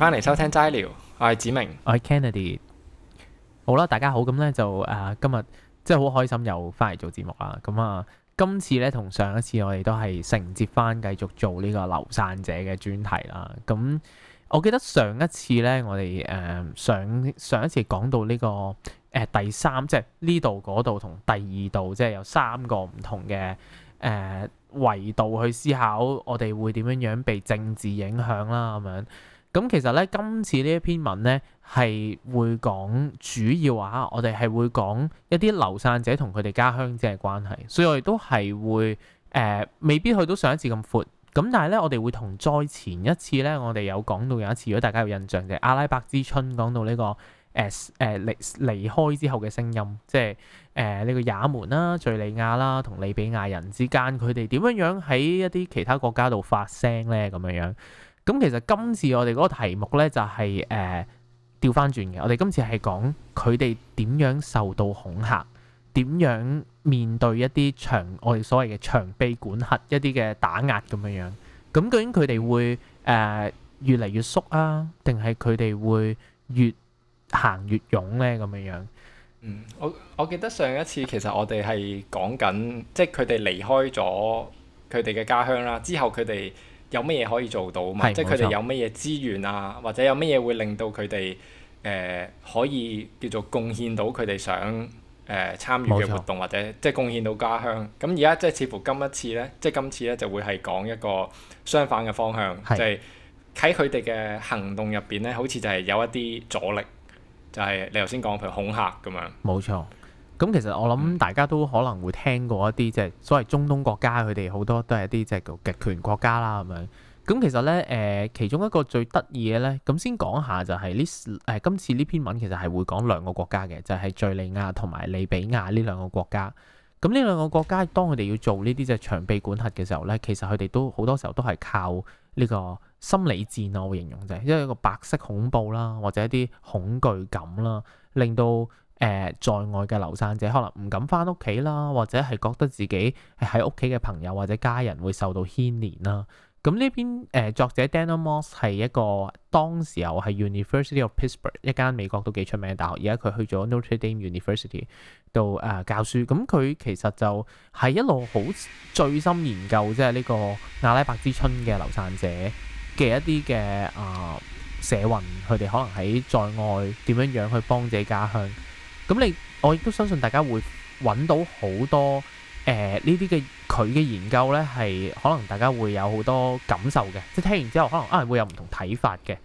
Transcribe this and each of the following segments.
翻嚟收聽齋聊，我係梓明，我係 Kennedy。好啦，大家好，咁咧就誒、呃、今日即係好開心又翻嚟做節目啦。咁啊，今次咧同上一次我哋都係承接翻，繼續做呢個流散者嘅專題啦。咁我記得上一次咧，我哋誒、呃、上上一次講到呢、這個誒、呃、第三，即係呢度嗰度同第二度，即係有三個唔同嘅誒、呃、維度去思考，我哋會點樣樣被政治影響啦咁樣。咁其實咧，今次呢一篇文咧係會講主要話，我哋係會講一啲流散者同佢哋家鄉之間嘅關係，所以我哋都係會誒、呃，未必去到上一次咁闊。咁但係咧，我哋會同再前一次咧，我哋有講到有一次，如果大家有印象就係、是《阿拉伯之春講、這個》呃，講到呢個誒誒離離開之後嘅聲音，即係誒呢個也門啦、啊、敍利亞啦同利比亞人之間，佢哋點樣樣喺一啲其他國家度發聲咧，咁樣樣。咁其實今次我哋嗰個題目咧就係誒調翻轉嘅，我哋今次係講佢哋點樣受到恐嚇，點樣面對一啲長我哋所謂嘅長臂管轄一啲嘅打壓咁樣樣。咁究竟佢哋會誒越嚟越縮啊，定係佢哋會越行越勇咧咁樣樣？嗯，我我記得上一次其實我哋係講緊，即係佢哋離開咗佢哋嘅家鄉啦，之後佢哋有乜嘢可以做到嘛？是即係佢哋有乜嘢資源啊，或者有乜嘢會令到佢哋誒可以叫做貢獻到佢哋想誒、呃、參與嘅活動，錯或者即係貢獻到家鄉。咁而家即係似乎今一次咧，即係今次咧就會係講一個相反嘅方向，即係喺佢哋嘅行動入邊咧，好似就係有一啲阻力，就係、是、你頭先講，譬如恐嚇咁樣。冇錯。咁其實我諗大家都可能會聽過一啲即係所謂中東國家，佢哋好多都係一啲即係叫極權國家啦咁樣。咁其實咧，誒、呃、其中一個最得意嘅咧，咁先講下就係呢誒今次呢篇文其實係會講兩個國家嘅，就係、是、敍利亞同埋利比亞呢兩個國家。咁呢兩個國家當佢哋要做呢啲即係長臂管轄嘅時候咧，其實佢哋都好多時候都係靠呢個心理戰我形容就係，因為一個白色恐怖啦，或者一啲恐懼感啦，令到，誒、呃，在外嘅流散者可能唔敢翻屋企啦，或者係覺得自己喺屋企嘅朋友或者家人會受到牽連啦。咁呢邊誒作者 Dana Moss 係一個當時候係 University of Pittsburgh 一間美國都幾出名嘅大學，而家佢去咗 Notre Dame University 度誒、呃、教書。咁佢其實就係一路好醉心研究，即係呢個阿拉伯之春嘅流散者嘅一啲嘅啊社運，佢哋可能喺在，在外點樣樣去幫自己家鄉。咁你，我亦都相信大家會揾到好多誒呢啲嘅佢嘅研究咧，係可能大家會有好多感受嘅，即係聽完之後可能啊會有唔同睇法嘅。誒、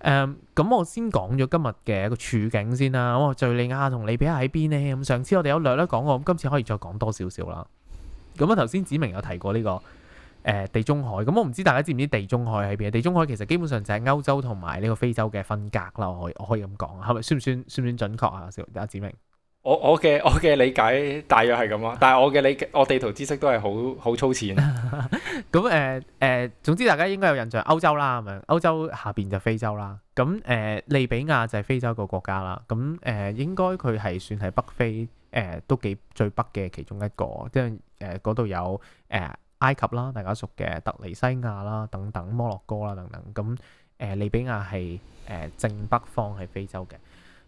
嗯，咁我先講咗今日嘅一個處境先啦。哇、啊，敍利亞同利比亞喺邊咧？咁上次我哋有略略講過，咁今次可以再講多少少啦。咁啊頭先梓明有提過呢、這個。誒地中海，咁我唔知大家知唔知地中海喺邊？地中海其實基本上就係歐洲同埋呢個非洲嘅分隔啦，我我可以咁講，係咪？算唔算算唔算準確啊？小梓明，我我嘅我嘅理解大約係咁咯，但係我嘅理解，我地圖知識都係好好粗淺。咁誒誒，總之大家應該有印象，歐洲啦，咁樣，歐洲下邊就非洲啦。咁誒、呃、利比亞就係非洲個國家啦。咁誒、呃、應該佢係算係北非，誒、呃、都幾最北嘅其中一個，即係誒嗰度有誒。呃埃及啦，大家熟嘅突尼西亞啦，等等摩洛哥啦，等等咁，誒、呃、利比亞係誒正北方係非洲嘅。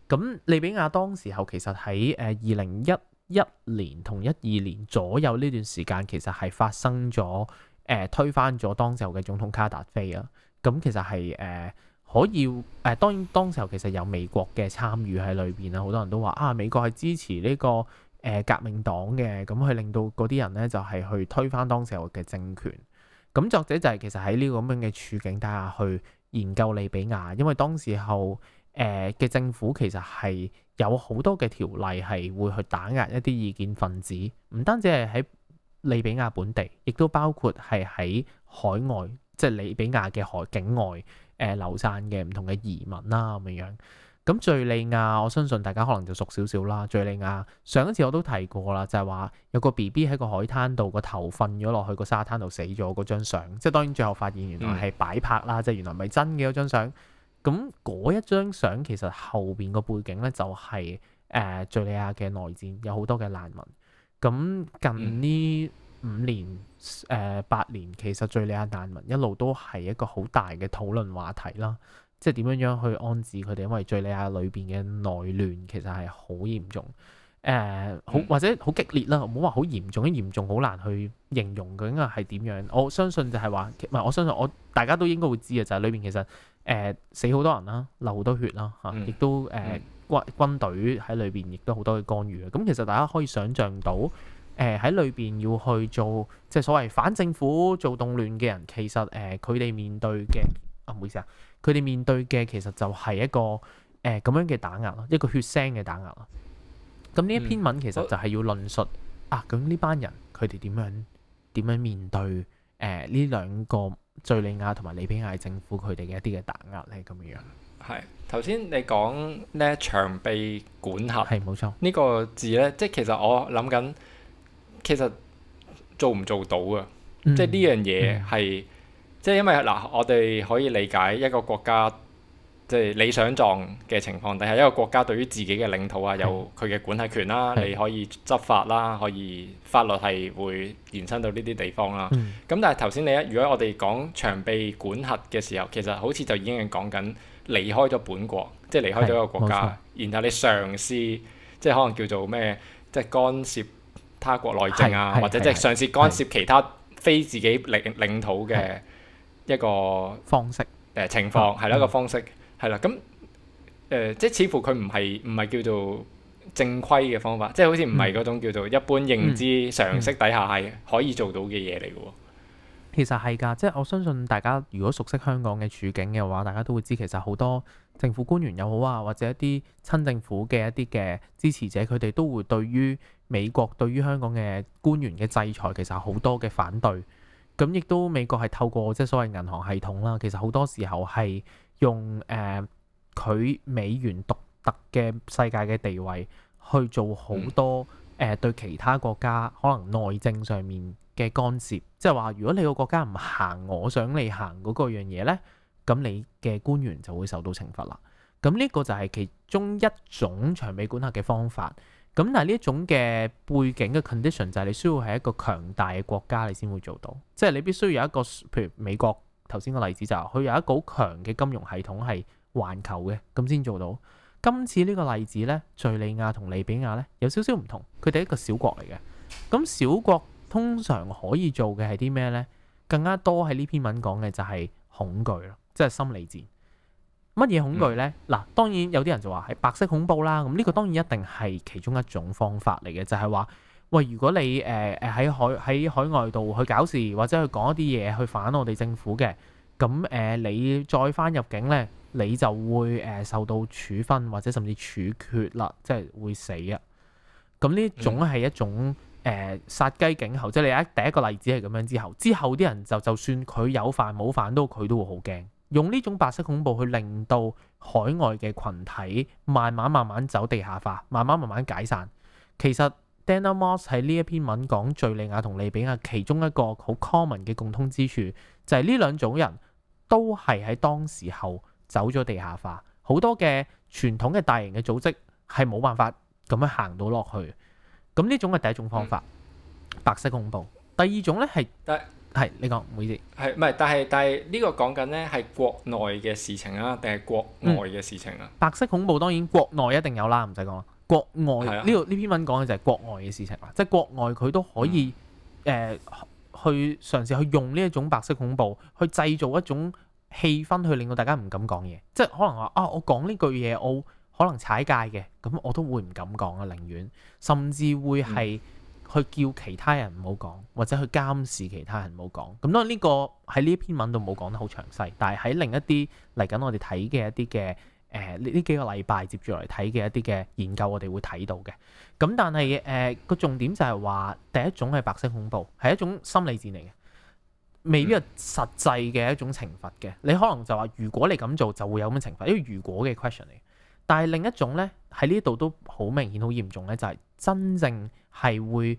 咁利比亞當時候其實喺誒二零一一年同一二年左右呢段時間，其實係發生咗誒、呃、推翻咗當時候嘅總統卡達菲啊。咁其實係誒、呃、可以誒、呃，當然當時候其實有美國嘅參與喺裏邊啊，好多人都話啊，美國係支持呢、這個。誒革命黨嘅咁，去令到嗰啲人呢，就係去推翻當時候嘅政權。咁作者就係其實喺呢個咁樣嘅處境底下，去研究利比亞，因為當時候誒嘅政府其實係有好多嘅條例係會去打壓一啲異見分子，唔單止係喺利比亞本地，亦都包括係喺海外，即係利比亞嘅海境外誒流散嘅唔同嘅移民啦咁樣。咁敍利亞，我相信大家可能就熟少少啦。敍利亞上一次我都提過啦，就係、是、話有個 B B 喺個海灘度個頭瞓咗落去個沙灘度死咗，嗰張相即係當然最後發現原來係擺拍啦，嗯、即係原來唔係真嘅嗰張相。咁嗰一張相其實後邊個背景呢、就是，就係誒敍利亞嘅內戰，有好多嘅難民。咁近呢五年誒八、嗯呃、年，其實敍利亞難民一路都係一個好大嘅討論話題啦。即係點樣樣去安置佢哋？因為敍利亞裏邊嘅內亂其實係好嚴重，誒、呃、好或者好激烈啦，唔好話好嚴重，因為嚴重好難去形容究竟應該係點樣。我相信就係話，唔係我相信我大家都應該會知嘅，就係裏邊其實誒、呃、死好多人啦，流好多血啦嚇，亦、啊、都誒、呃、軍軍隊喺裏邊亦都好多嘅干預咁、嗯嗯、其實大家可以想象到，誒喺裏邊要去做即係、就是、所謂反政府、做動亂嘅人，其實誒佢哋面對嘅啊，唔好意思啊。佢哋面對嘅其實就係一個誒咁、呃、樣嘅打壓咯，一個血腥嘅打壓咯。咁呢一篇文其實就係要論述、嗯、啊，咁呢班人佢哋點樣點樣面對誒呢兩個敘利亞同埋利比亞政府佢哋嘅一啲嘅打壓咧咁樣。係頭先你講呢長臂管轄係冇錯，呢個字咧即係其實我諗緊，其實做唔做到啊？嗯、即係呢樣嘢係。嗯即係因為嗱，我哋可以理解一個國家即係理想狀嘅情況底下，一個國家對於自己嘅領土啊，的有佢嘅管轄權啦，的你可以執法啦，可以法律係會延伸到呢啲地方啦。咁、嗯、但係頭先你一如果我哋講長臂管轄嘅時候，其實好似就已經係講緊離開咗本國，即係離開咗一個國家，然後你嘗試即係可能叫做咩，即係干涉他國內政啊，的或者即係嘗試干涉其他非自己領領土嘅。一個方式，一個方式，誒情況係一個方式，係啦。咁誒，即、呃、係似乎佢唔係唔係叫做正規嘅方法，即係好似唔係嗰種叫做一般認知常識底下係可以做到嘅嘢嚟嘅。嗯嗯嗯、其實係㗎，即係我相信大家如果熟悉香港嘅處境嘅話，大家都會知其實好多政府官員又好啊，或者一啲親政府嘅一啲嘅支持者，佢哋都會對於美國對於香港嘅官員嘅制裁，其實好多嘅反對。咁亦都美國係透過即係所謂銀行系統啦，其實好多時候係用誒佢、呃、美元獨特嘅世界嘅地位去做好多誒、呃、對其他國家可能內政上面嘅干涉，即係話如果你個國家唔行我想你行嗰個樣嘢咧，咁你嘅官員就會受到懲罰啦。咁呢個就係其中一種長臂管轄嘅方法。咁但係呢一種嘅背景嘅 condition 就係你需要係一個強大嘅國家，你先會做到。即係你必須有一個譬如美國頭先個例子就係、是、佢有一個好強嘅金融系統係環球嘅，咁先做到。今次呢個例子呢，敍利亞同利比亞呢有少少唔同，佢哋係一個小國嚟嘅。咁小國通常可以做嘅係啲咩呢？更加多喺呢篇文講嘅就係恐懼咯，即係心理戰。乜嘢恐懼呢？嗱，當然有啲人就話係白色恐怖啦。咁呢個當然一定係其中一種方法嚟嘅，就係話喂，如果你誒誒喺海喺海外度去搞事或者去講一啲嘢去反我哋政府嘅，咁誒你再翻入境呢，你就會誒受到處分或者甚至處決啦，即係會死啊。咁呢種係一種誒殺雞儆猴，即係你一第一個例子係咁樣之後，之後啲人就就算佢有犯冇犯都佢都會好驚。用呢種白色恐怖去令到海外嘅群體慢慢慢慢走地下化，慢慢慢慢解散。其實 Dana Moss 喺呢一篇文講敍利亞同利比亞其中一個好 common 嘅共通之處，就係、是、呢兩種人都係喺當時候走咗地下化，好多嘅傳統嘅大型嘅組織係冇辦法咁樣行到落去。咁呢種係第一種方法，嗯、白色恐怖。第二種呢係。係，你講唔好意思。係，唔係？但係但係呢個講緊呢係國內嘅事情啊，定係國外嘅事情啊、嗯？白色恐怖當然國內一定有啦，唔使講。國外呢、啊呢個呢篇文講嘅就係國外嘅事情啦，即、就、係、是、國外佢都可以誒、嗯呃、去嘗試去用呢一種白色恐怖去製造一種氣氛，去令到大家唔敢講嘢。即係可能話啊，我講呢句嘢，我可能踩界嘅，咁我都會唔敢講啊，寧願甚至會係、嗯。去叫其他人唔好講，或者去監視其他人唔好講。咁當然呢個喺呢篇文度冇講得好詳細，但係喺另一啲嚟緊我哋睇嘅一啲嘅誒呢呢幾個禮拜接住嚟睇嘅一啲嘅研究，我哋會睇到嘅。咁但係誒個重點就係話第一種係白色恐怖，係一種心理戰嚟嘅，未必係實際嘅一種懲罰嘅。你可能就話如果你咁做就會有咁嘅懲罰，因為如果嘅 question 嚟嘅。但係另一種呢，喺呢度都好明顯好嚴重呢，就係。真正係會誒、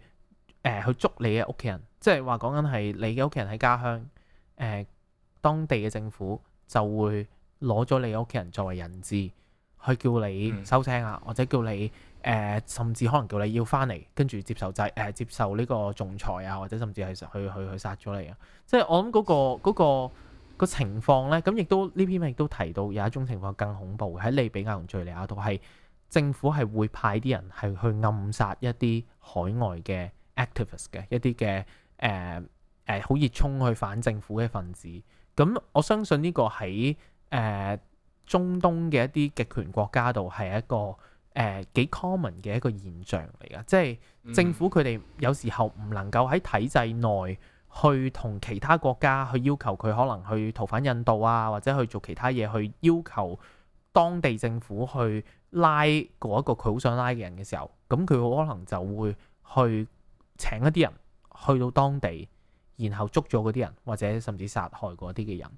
呃、去捉你嘅屋企人，即係話講緊係你嘅屋企人喺家鄉誒、呃、當地嘅政府就會攞咗你屋企人作為人質，去叫你收聲啊，或者叫你誒、呃、甚至可能叫你要翻嚟，跟住接受制誒、呃、接受呢個仲裁啊，或者甚至係去去去殺咗你啊！即係我諗嗰、嗰個嗰、嗰個嗰個嗰個情況呢，咁亦都呢篇亦都提到有一種情況更恐怖喺利比亞同敍利亞度係。政府係會派啲人係去暗殺一啲海外嘅 activists 嘅一啲嘅誒誒好熱衷去反政府嘅分子。咁我相信呢個喺誒、呃、中東嘅一啲極權國家度係一個誒、呃、幾 common 嘅一個現象嚟㗎。即係政府佢哋有時候唔能夠喺體制內去同其他國家去要求佢可能去逃犯引渡啊，或者去做其他嘢去要求當地政府去拉嗰一個佢好想拉嘅人嘅時候，咁佢好可能就會去請一啲人去到當地，然後捉咗嗰啲人，或者甚至殺害嗰啲嘅人。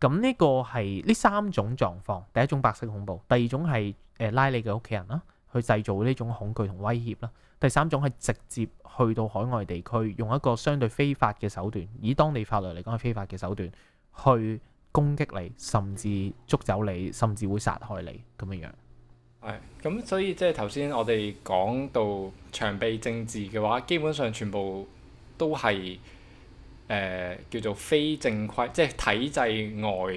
咁呢個係呢三種狀況：第一種白色恐怖，第二種係誒拉你嘅屋企人啦，去製造呢種恐懼同威脅啦；第三種係直接去到海外地區，用一個相對非法嘅手段，以當地法律嚟講係非法嘅手段，去攻擊你，甚至捉走你，甚至會殺害你咁樣樣。咁、嗯、所以即係頭先我哋講到長臂政治嘅話，基本上全部都係誒、呃、叫做非正規，即係體制外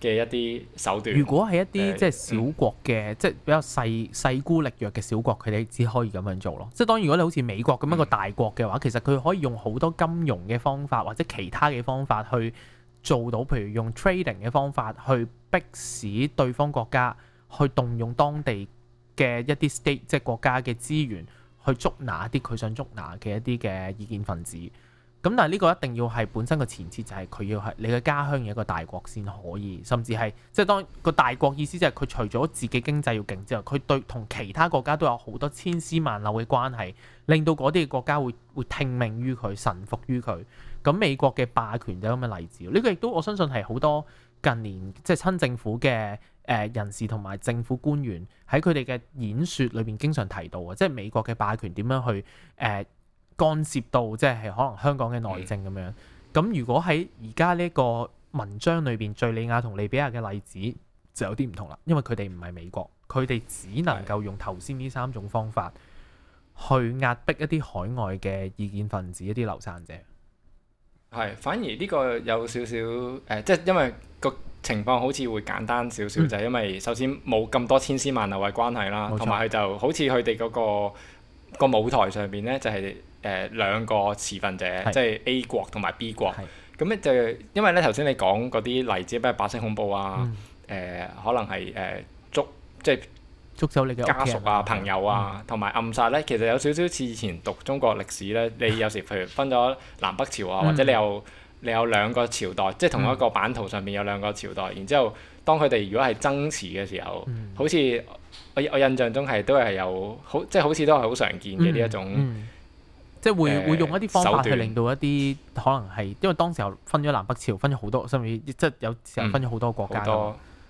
嘅一啲手段。如果係一啲、呃、即係小國嘅，嗯、即係比較細、勢孤力弱嘅小國，佢哋只可以咁樣做咯。即係當如果你好似美國咁樣一個大國嘅話，嗯、其實佢可以用好多金融嘅方法或者其他嘅方法去做到，譬如用 trading 嘅方法去迫使對方國家。去動用當地嘅一啲 state，即係國家嘅資源去捉拿一啲佢想捉拿嘅一啲嘅異見分子。咁但係呢個一定要係本身個前設就係、是、佢要係你嘅家鄉嘅一個大國先可以，甚至係即係當個大國意思就係佢除咗自己經濟要勁之外，佢對同其他國家都有好多千絲萬縷嘅關係，令到嗰啲嘅國家會會聽命於佢、臣服於佢。咁美國嘅霸權就咁嘅例子。呢、這個亦都我相信係好多近年即係親政府嘅。誒、呃、人士同埋政府官員喺佢哋嘅演説裏邊經常提到嘅，即係美國嘅霸權點樣去誒、呃、干涉到，即係可能香港嘅內政咁樣。咁、嗯、如果喺而家呢個文章裏邊，敍利亞同利比亞嘅例子就有啲唔同啦，因為佢哋唔係美國，佢哋只能夠用頭先呢三種方法去壓迫一啲海外嘅異見分子、一啲流散者。係，反而呢個有少少誒、呃，即係因為個。情況好似會簡單少少，就係因為首先冇咁多千絲萬縷嘅關係啦，同埋佢就好似佢哋嗰個個舞台上邊呢，就係誒兩個持份者，即係 A 國同埋 B 國，咁咧就因為咧頭先你講嗰啲例子，比如白色恐怖啊，誒可能係誒捉即係捉走你家屬啊、朋友啊，同埋暗殺咧，其實有少少似以前讀中國歷史咧，你有時譬如分咗南北朝啊，或者你又。你有兩個朝代，即係同一個版圖上面有兩個朝代。嗯、然之後，當佢哋如果係爭持嘅時候，嗯、好似我我印象中係都係有好，即係好似都係好常見嘅呢一種，嗯嗯、即係會會用一啲方法去令到一啲段可能係因為當時候分咗南北朝，分咗好多，多嗯、甚至即係有時候分咗好多國家。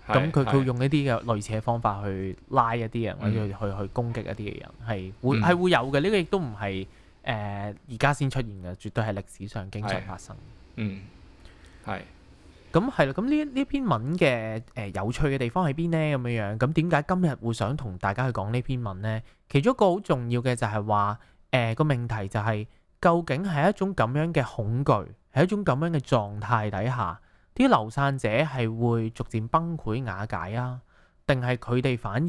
咁佢佢用一啲嘅類似嘅方法去拉一啲人，嗯、或者去去攻擊一啲嘅人，係會係會有嘅。呢、呢個亦都唔係誒而家先出現嘅，絕對係歷史上經常發生。嗯嗯，係，咁係啦，咁呢呢篇文嘅誒、呃、有趣嘅地方喺邊呢？咁樣樣，咁點解今日會想同大家去講呢篇文呢？其中一個好重要嘅就係話，誒、呃、個命題就係、是、究竟係一種咁樣嘅恐懼，係一種咁樣嘅狀態底下，啲流散者係會逐漸崩潰瓦解啊，定係佢哋反而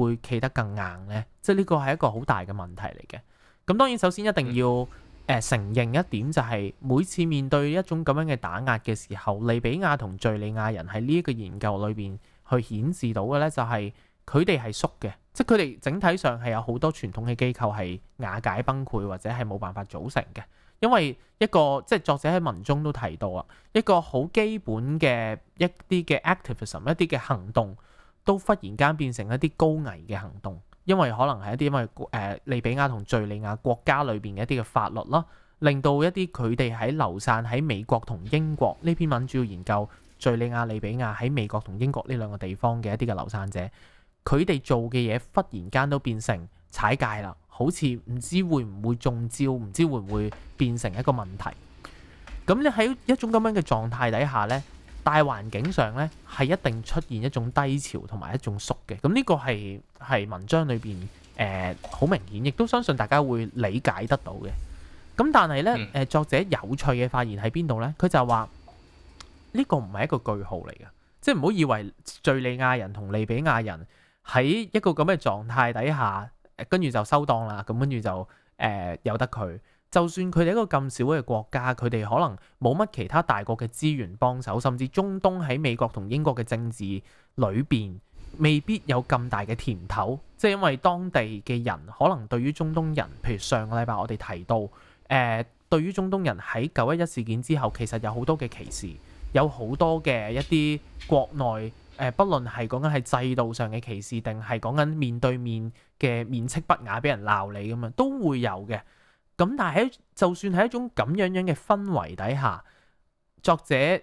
會企得更硬呢？即係呢個係一個好大嘅問題嚟嘅。咁當然首先一定要、嗯。誒、呃、承認一點就係每次面對一種咁樣嘅打壓嘅時候，利比亞同敘利亞人喺呢一個研究裏邊去顯示到嘅呢，就係佢哋係縮嘅，即係佢哋整體上係有好多傳統嘅機構係瓦解崩潰或者係冇辦法組成嘅，因為一個即係作者喺文中都提到啊，一個好基本嘅一啲嘅 activism 一啲嘅行動都忽然間變成一啲高危嘅行動。因為可能係一啲因為誒利比亞同敘利亞國家裏邊嘅一啲嘅法律咯，令到一啲佢哋喺流散喺美國同英國。呢篇文主要研究敘利亞利比亞喺美國同英國呢兩個地方嘅一啲嘅流散者，佢哋做嘅嘢忽然間都變成踩界啦，好似唔知會唔會中招，唔知會唔會變成一個問題。咁你喺一種咁樣嘅狀態底下呢。大環境上呢，係一定出現一種低潮同埋一種縮嘅，咁、這、呢個係係文章裏邊誒好明顯，亦都相信大家會理解得到嘅。咁但係呢，誒、嗯、作者有趣嘅發現喺邊度呢？佢就話呢、這個唔係一個句號嚟嘅，即係唔好以為敍利亞人同利比亞人喺一個咁嘅狀態底下，跟住就收檔啦，咁跟住就誒、呃、由得佢。就算佢哋一個咁小嘅國家，佢哋可能冇乜其他大國嘅資源幫手，甚至中東喺美國同英國嘅政治裏邊未必有咁大嘅甜頭，即係因為當地嘅人可能對於中東人，譬如上個禮拜我哋提到，誒、呃、對於中東人喺九一一事件之後其實有好多嘅歧視，有好多嘅一啲國內誒、呃、不論係講緊係制度上嘅歧視定係講緊面對面嘅面斥不雅，俾人鬧你咁樣都會有嘅。咁但係喺就算喺一種咁樣樣嘅氛圍底下，作者誒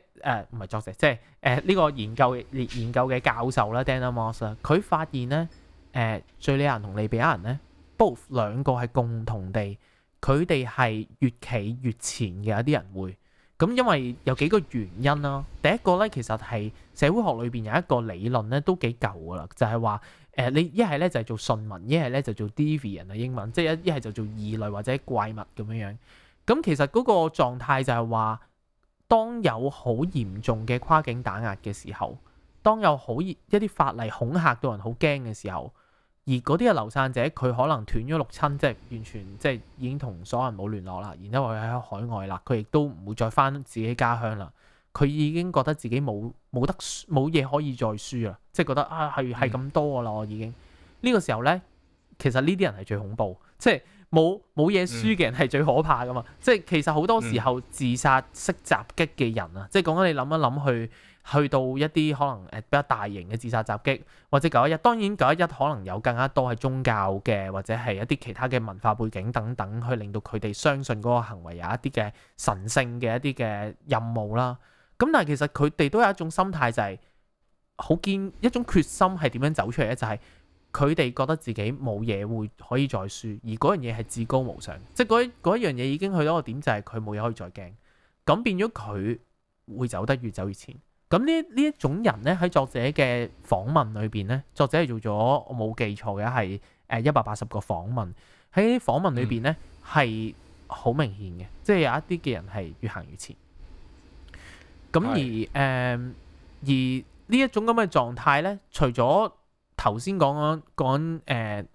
唔係作者，即係誒呢個研究研究嘅教授啦，Dana Moss 佢發現咧誒，敘利亞人同利比亞人咧，both 兩個係共同地，佢哋係越企越前嘅一啲人會。咁因為有幾個原因啦，第一個咧其實係社會學裏邊有一個理論咧都幾舊㗎喇，就係話誒你一係咧就係做順民，一係咧就做 deviant 啊英文，即係一一係就做異類或者怪物咁樣樣。咁其實嗰個狀態就係話，當有好嚴重嘅跨境打壓嘅時候，當有好一啲法例恐嚇到人好驚嘅時候。而嗰啲嘅流散者，佢可能斷咗六親，即係完全即係已經同所有人冇聯絡啦。然之後佢喺海外啦，佢亦都唔會再翻自己家鄉啦。佢已經覺得自己冇冇得輸冇嘢可以再輸啦，即係覺得啊係係咁多噶啦，我已經呢、呢個時候呢，其實呢啲人係最恐怖，即係。冇冇嘢輸嘅人係最可怕㗎嘛？嗯、即係其實好多時候自殺式襲擊嘅人啊，嗯、即係講緊你諗一諗去去到一啲可能誒比較大型嘅自殺襲擊，或者九一一。當然九一一可能有更加多係宗教嘅，或者係一啲其他嘅文化背景等等，去令到佢哋相信嗰個行為有一啲嘅神聖嘅一啲嘅任務啦。咁但係其實佢哋都有一種心態就係好堅一種決心係點樣走出嚟咧，就係、是。佢哋覺得自己冇嘢會可以再輸，而嗰樣嘢係至高無上，即係嗰一樣嘢已經去到一個點，就係佢冇嘢可以再驚，咁變咗佢會走得越走越前。咁呢呢一種人呢，喺作者嘅訪問裏邊呢，作者係做咗我冇記錯嘅係誒一百八十個訪問，喺訪問裏邊呢，係好明顯嘅，嗯、即係有一啲嘅人係越行越前。咁而誒的而呢一種咁嘅狀態呢，除咗頭先講講誒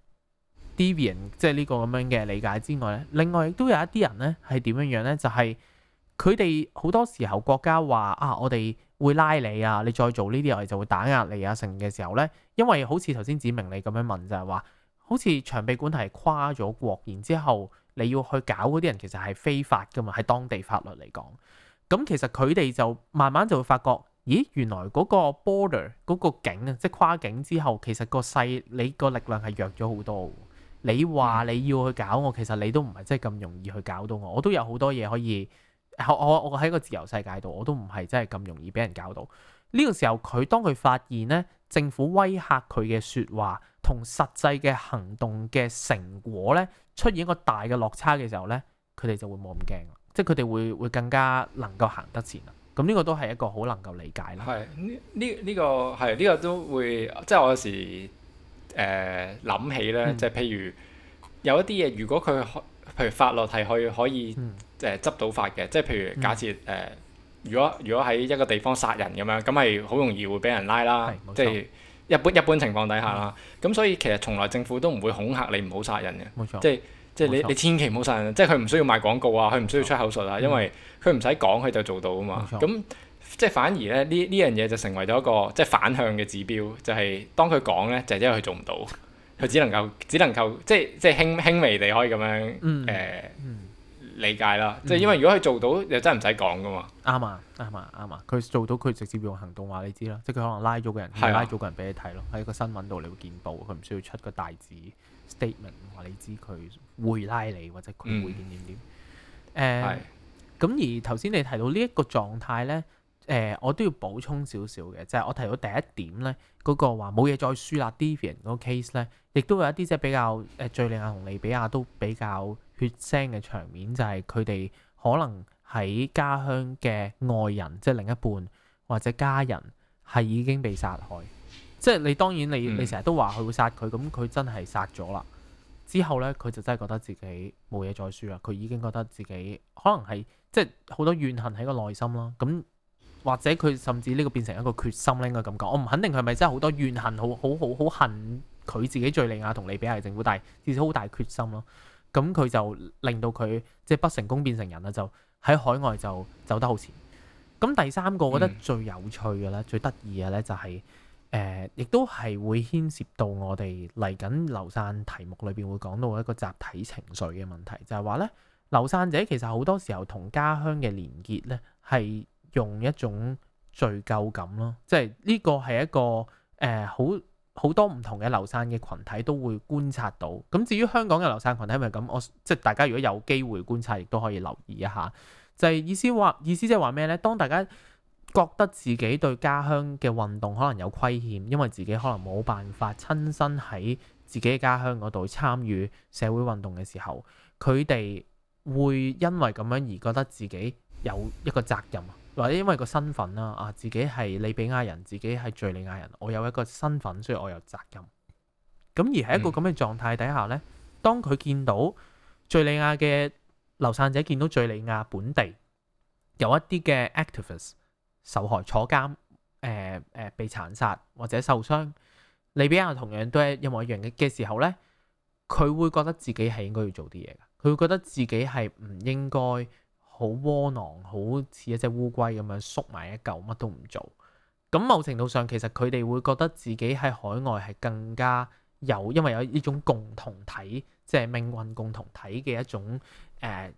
Divian 即係呢個咁樣嘅理解之外咧，另外亦都有一啲人咧係點樣樣咧？就係佢哋好多時候國家話啊，我哋會拉你啊，你再做呢啲我哋就會打壓你啊，成嘅時候咧，因為好似頭先指明你咁樣問就係話，好似長臂管係跨咗國，然之後你要去搞嗰啲人其實係非法㗎嘛，喺當地法律嚟講，咁其實佢哋就慢慢就會發覺。咦，原來嗰個 border 嗰個境啊，即係跨境之後，其實個勢你個力量係弱咗好多。你話你要去搞我，其實你都唔係真係咁容易去搞到我。我都有好多嘢可以，我我喺個自由世界度，我都唔係真係咁容易俾人搞到。呢個時候佢當佢發現咧，政府威嚇佢嘅説話同實際嘅行動嘅成果咧，出現一個大嘅落差嘅時候呢，佢哋就會冇咁驚，即係佢哋會會更加能夠行得前啦。咁呢個都係一個好能夠理解啦。係呢呢個係呢、這個這個都會，即係我有時誒諗、呃、起咧，嗯、即係譬如有一啲嘢，如果佢譬如法律係可以可以誒執到法嘅，即係、嗯、譬如假設誒、呃，如果如果喺一個地方殺人咁樣，咁係好容易會俾人拉啦。即係、嗯、一般一般情況底下啦，咁、嗯、所以其實從來政府都唔會恐嚇你唔好殺人嘅。冇錯錯。即係。即係你你千祈唔好殺人，即係佢唔需要賣廣告啊，佢唔需要出口術啊，因為佢唔使講佢就做到啊嘛。咁錯即係反而咧呢呢樣嘢就成為咗一個即係反向嘅指標，就係、是、當佢講咧就係因為佢做唔到，佢只能夠只能夠即係即係輕輕微地可以咁樣誒理解啦。即係、嗯、因為如果佢做到又真係唔使講噶嘛。啱啊啱啊啱啊！佢、嗯嗯、做到佢直接用行動話你知啦，即係佢可能拉咗個人拉咗個人俾你睇咯，喺的個新聞度你會見到，佢唔需要出個大字。Statement 話你知佢會拉你，或者佢會點、呃、點點。誒，咁而頭先你提到呢一個狀態呢，誒，我都要補充少少嘅，就係、是、我提到第一點呢，嗰、那個話冇嘢再輸啦。Divian 嗰 case 呢，亦都有一啲即係比較誒，敍利亞同利比亞都比較血腥嘅場面，就係佢哋可能喺家鄉嘅愛人，即、就、係、是、另一半或者家人係已經被殺害。即係你當然你，嗯、你你成日都話佢會殺佢，咁佢真係殺咗啦。之後呢，佢就真係覺得自己冇嘢再輸啦。佢已經覺得自己可能係即係好多怨恨喺個內心啦。咁或者佢甚至呢個變成一個決心咧，應該咁講。我唔肯定佢係咪真係好多怨恨，好好好，好恨佢自己敍利亞同利比亞政府，但係至少好大決心咯。咁佢就令到佢即係不成功變成人啦，就喺海外就走得好前。咁第三個，我覺得最有趣嘅咧、嗯，最得意嘅咧，就係。誒，亦、嗯、都係會牽涉到我哋嚟緊流散題目裏邊會講到一個集體情緒嘅問題，就係、是、話呢流散者其實好多時候同家鄉嘅連結呢係用一種罪疚感咯，即係呢個係一個誒、呃，好好多唔同嘅流散嘅群體都會觀察到。咁至於香港嘅流散群體係咪咁？我即係大家如果有機會觀察，亦都可以留意一下。就係、是、意思話，意思即係話咩呢？當大家覺得自己對家鄉嘅運動可能有虧欠，因為自己可能冇辦法親身喺自己嘅家鄉嗰度參與社會運動嘅時候，佢哋會因為咁樣而覺得自己有一個責任，或者因為個身份啦啊，自己係利比亞人，自己係敍利亞人，我有一個身份，所以我有責任。咁而喺一個咁嘅狀態底下呢，嗯、當佢見到敍利亞嘅流散者，見到敍利亞本地有一啲嘅 activists 受害坐監，誒、呃、誒、呃、被殘殺或者受傷，利比亞同樣都係一模一樣嘅時候呢，佢會覺得自己係應該要做啲嘢嘅，佢會覺得自己係唔應該好窩囊，好似一隻烏龜咁樣縮埋一嚿乜都唔做。咁某程度上，其實佢哋會覺得自己喺海外係更加有，因為有呢種共同體，即係命運共同體嘅一種誒。呃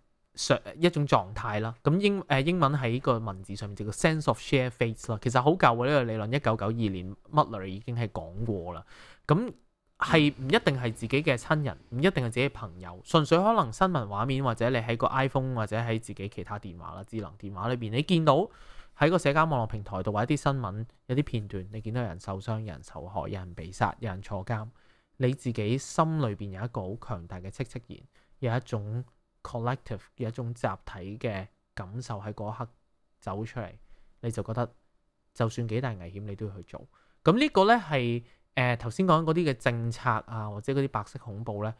一種狀態啦，咁英誒英文喺個文字上面就叫 sense of share face 啦，其實好舊嘅呢個理論，一九九二年 m u 已經係講過啦。咁係唔一定係自己嘅親人，唔一定係自己嘅朋友，純粹可能新聞畫面或者你喺個 iPhone 或者喺自己其他電話啦智能電話裏邊，你見到喺個社交網絡平台度或者啲新聞有啲片段，你見到有人受傷、有人受害、有人被殺、有人坐監，你自己心裏邊有一個好強大嘅戚戚然，有一種。collective 嘅一種集體嘅感受喺嗰一刻走出嚟，你就覺得就算幾大危險，你都要去做。咁呢個呢，係誒頭先講嗰啲嘅政策啊，或者嗰啲白色恐怖呢，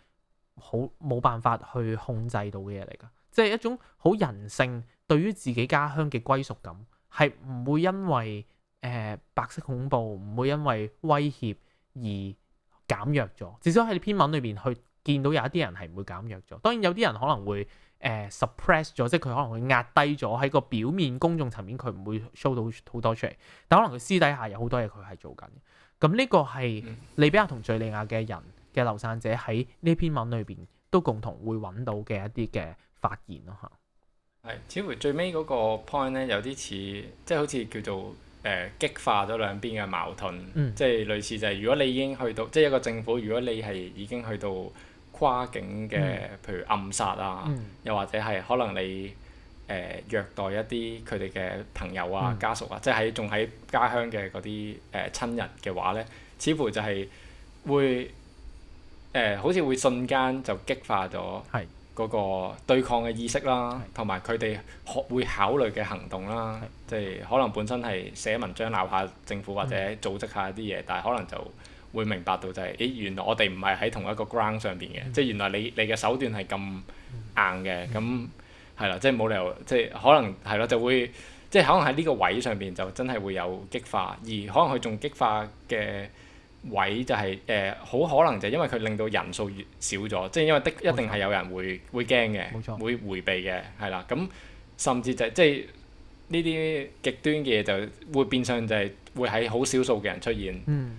好冇辦法去控制到嘅嘢嚟㗎。即係一種好人性對於自己家鄉嘅歸屬感，係唔會因為誒白色恐怖，唔會因為威脅而減弱咗。至少喺篇文裏邊去。見到有一啲人係唔會減弱咗，當然有啲人可能會誒、呃、suppress 咗，即係佢可能會壓低咗喺個表面公眾層面，佢唔會 show 到好多出嚟，但可能佢私底下有好多嘢佢係做緊。咁呢個係利比亞同敍利亞嘅人嘅流散者喺呢篇文裏邊都共同會揾到嘅一啲嘅發現咯嚇。係，似乎最尾嗰個 point 咧有啲似即係好似叫做誒、呃、激化咗兩邊嘅矛盾，嗯、即係類似就係如果你已經去到即係一個政府，如果你係已經去到。跨境嘅，譬如暗殺啊，嗯、又或者係可能你誒、呃、虐待一啲佢哋嘅朋友啊、嗯、家屬啊，即係喺仲喺家鄉嘅嗰啲誒親人嘅話咧，似乎就係會誒、呃，好似會瞬間就激化咗嗰個對抗嘅意識啦，同埋佢哋會考慮嘅行動啦，是即係可能本身係寫文章鬧下政府或者組織一下啲嘢，嗯、但係可能就～會明白到就係、是，咦？原來我哋唔係喺同一個 ground 上邊嘅，嗯、即係原來你你嘅手段係咁硬嘅，咁係、嗯嗯嗯、啦，即係冇理由，即係可能係咯，就會即係可能喺呢個位上邊就真係會有激化，而可能佢仲激化嘅位就係、是、誒，好、呃、可能就因為佢令到人數越，越，越少咗，即係因為的一定係有人會會驚嘅，沒錯 會迴避嘅，係啦，咁甚至就係、即係呢啲極端嘅嘢就會變相就係會喺好少數嘅人出現。嗯嗯。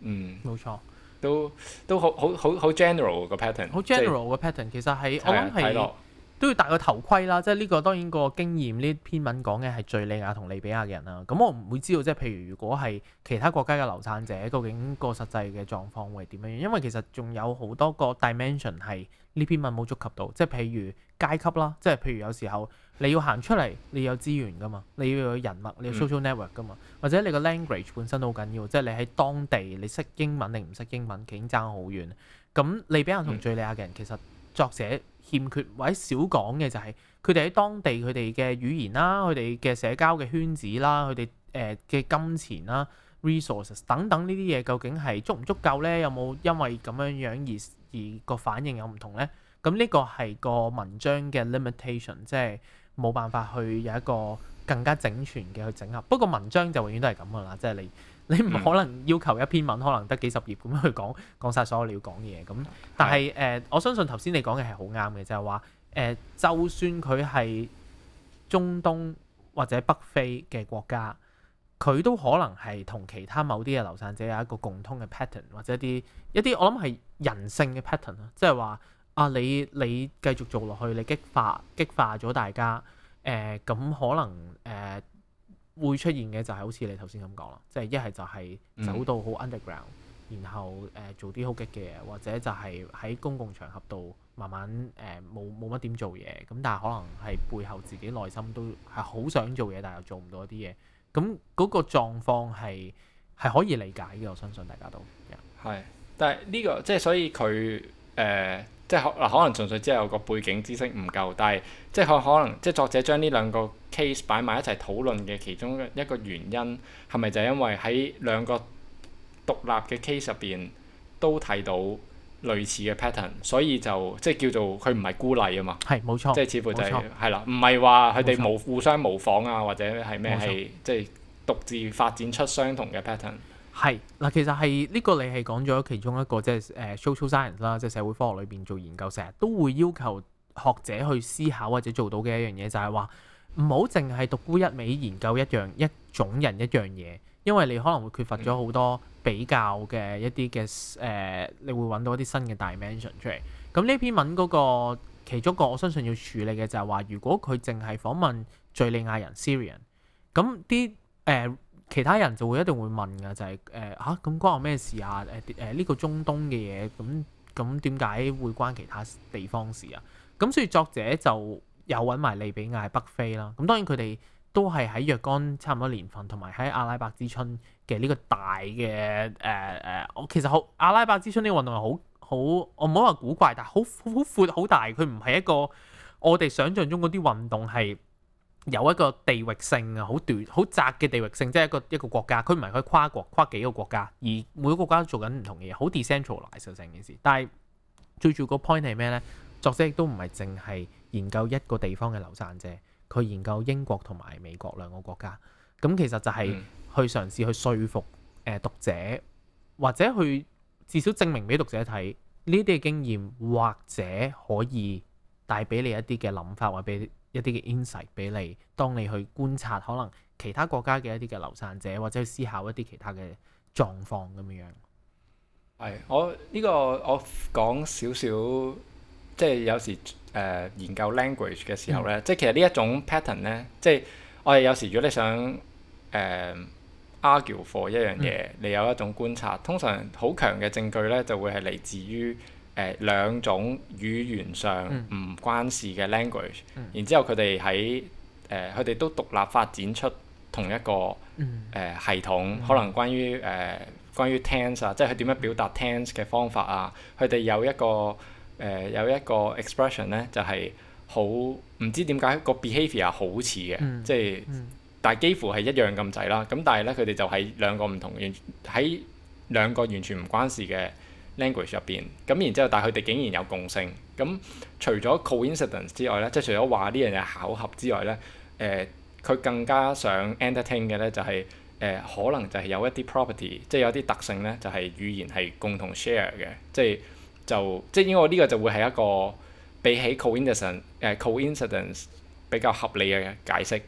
嗯，冇錯，都都好好好 general 個 pattern，好 general 個 pattern。其實係是我諗係的都要戴個頭盔啦。即係呢個當然個經驗呢篇文講嘅係敍利亞同利比亞嘅人啦。咁我唔會知道即係譬如如果係其他國家嘅流散者，究竟個實際嘅狀況會係點樣？因為其實仲有好多個 dimension 係，呢篇文冇觸及到，即係譬如階級啦，即係譬如有時候你要行出嚟，你有資源㗎嘛，你要有人脈，你要 social network 噶嘛，嗯、或者你個 language 本身都好緊要，即係你喺當地你識英文定唔識英文，已經爭好遠。咁利比亞同敍利亞嘅人，嗯、其實作者欠缺或者少講嘅就係佢哋喺當地佢哋嘅語言啦，佢哋嘅社交嘅圈子啦，佢哋誒嘅金錢啦、resources 等等呢啲嘢，究竟係足唔足夠咧？有冇因為咁樣樣而而個反應有唔同呢？咁呢個係個文章嘅 limitation，即係冇辦法去有一個更加整全嘅去整合。不過文章就永遠都係咁噶啦，即係你你唔可能要求一篇文可能得幾十頁咁樣去講講晒所有你要講嘅嘢。咁但係誒，我相信頭先你講嘅係好啱嘅，就係話誒，就算佢係中東或者北非嘅國家。佢都可能係同其他某啲嘅流散者有一個共通嘅 pattern，或者啲一啲我諗係人性嘅 pattern 啦，即係話啊，你你繼續做落去，你激化激化咗大家誒，咁、呃、可能誒、呃、會出現嘅就係好似你頭先咁講啦，即係一係就係、是、走到好 underground，然後誒、呃、做啲好激嘅嘢，或者就係喺公共場合度慢慢誒冇冇乜點做嘢，咁但係可能係背後自己內心都係好想做嘢，但係又做唔到一啲嘢。咁嗰個狀況係係可以理解嘅，我相信大家都係。但係呢個即係所以佢誒、呃、即係可可能純粹只係有個背景知識唔夠，但係即係可可能即係作者將呢兩個 case 擺埋一齊討論嘅其中一個原因係咪就係因為喺兩個獨立嘅 case 入邊都睇到？類似嘅 pattern，所以就即係叫做佢唔係孤立啊嘛，係冇錯，即係似乎就係係啦，唔係話佢哋冇互相模仿啊，冇錯，或者係咩係即係獨自發展出相同嘅 pattern。係嗱，其實係呢個你係講咗其中一個即係誒 social science 啦，即係社會科學裏邊做研究，成日都會要求學者去思考或者做到嘅一樣嘢，就係話唔好淨係獨孤一味研究一樣一種人一樣嘢。因為你可能會缺乏咗好多比較嘅一啲嘅誒，你會揾到一啲新嘅 dimension 出嚟。咁、嗯、呢篇文嗰、那個其中一個我相信要處理嘅就係話，如果佢淨係訪問敍利亞人 Syrian，咁啲誒、呃、其他人就會一定會問㗎就係誒嚇，咁、呃啊、關我咩事啊？誒、呃、呢、這個中東嘅嘢，咁咁點解會關其他地方事啊？咁所以作者就有揾埋利比亞北非啦。咁、嗯、當然佢哋。都係喺若干差唔多年份，同埋喺阿拉伯之春嘅呢個大嘅誒誒，我、呃呃、其實好阿拉伯之春呢個運動係好好，我唔好話古怪，但係好好好闊好大，佢唔係一個我哋想象中嗰啲運動係有一個地域性啊，好短好窄嘅地域性，即係一個一個國家，佢唔係，佢跨國跨幾個國家，而每個國家都做緊唔同嘅嘢，好 decentralized 成件事。但係最主要個 point 係咩呢？作者亦都唔係淨係研究一個地方嘅流散者。去研究英國同埋美國兩個國家，咁其實就係去嘗試去説服誒讀者，或者去至少證明俾讀者睇呢啲經驗，或者可以帶俾你一啲嘅諗法，或俾一啲嘅 insight 俾你，當你去觀察可能其他國家嘅一啲嘅流散者，或者去思考一啲其他嘅狀況咁樣樣。係，我呢、這個我講少少，即係有時。誒、uh，研究 language 嘅時候咧、嗯，即係其實呢一種 pattern 咧，即係我哋有時如果你想、uh，argue for 一樣嘢，你有一種觀察，通常好強嘅證據咧，就會係嚟自於誒、uh，兩種語言上唔關事嘅 language，、嗯、然之後佢哋喺誒佢哋都獨立發展出同一個誒、uh，系統，嗯、可能關於誒、uh，關於 tense，、啊、即係佢點樣表達 tense 嘅方法啊，佢哋有一個。誒、呃、有一個 expression 咧，就係好唔知點解個 behavior 係好似嘅，即係但係幾乎係一樣咁仔啦咁滯。咁但係咧，佢哋就喺兩個唔同，完喺兩個完全唔關事嘅 language 入邊。咁、嗯、然之後，但係佢哋竟然有共性。咁、嗯、除咗 coincidence 之外咧，即係除咗話呢樣嘢巧合之外咧，誒、呃、佢更加想 entertain 嘅咧，就係、是、誒、呃、可能就係有一啲 property，即係有啲特性咧，就係、是、語言係共同 share 嘅，即係。就即係因為呢個就會係一個比起 coincidence 誒、uh, coincidence 比較合理嘅解釋，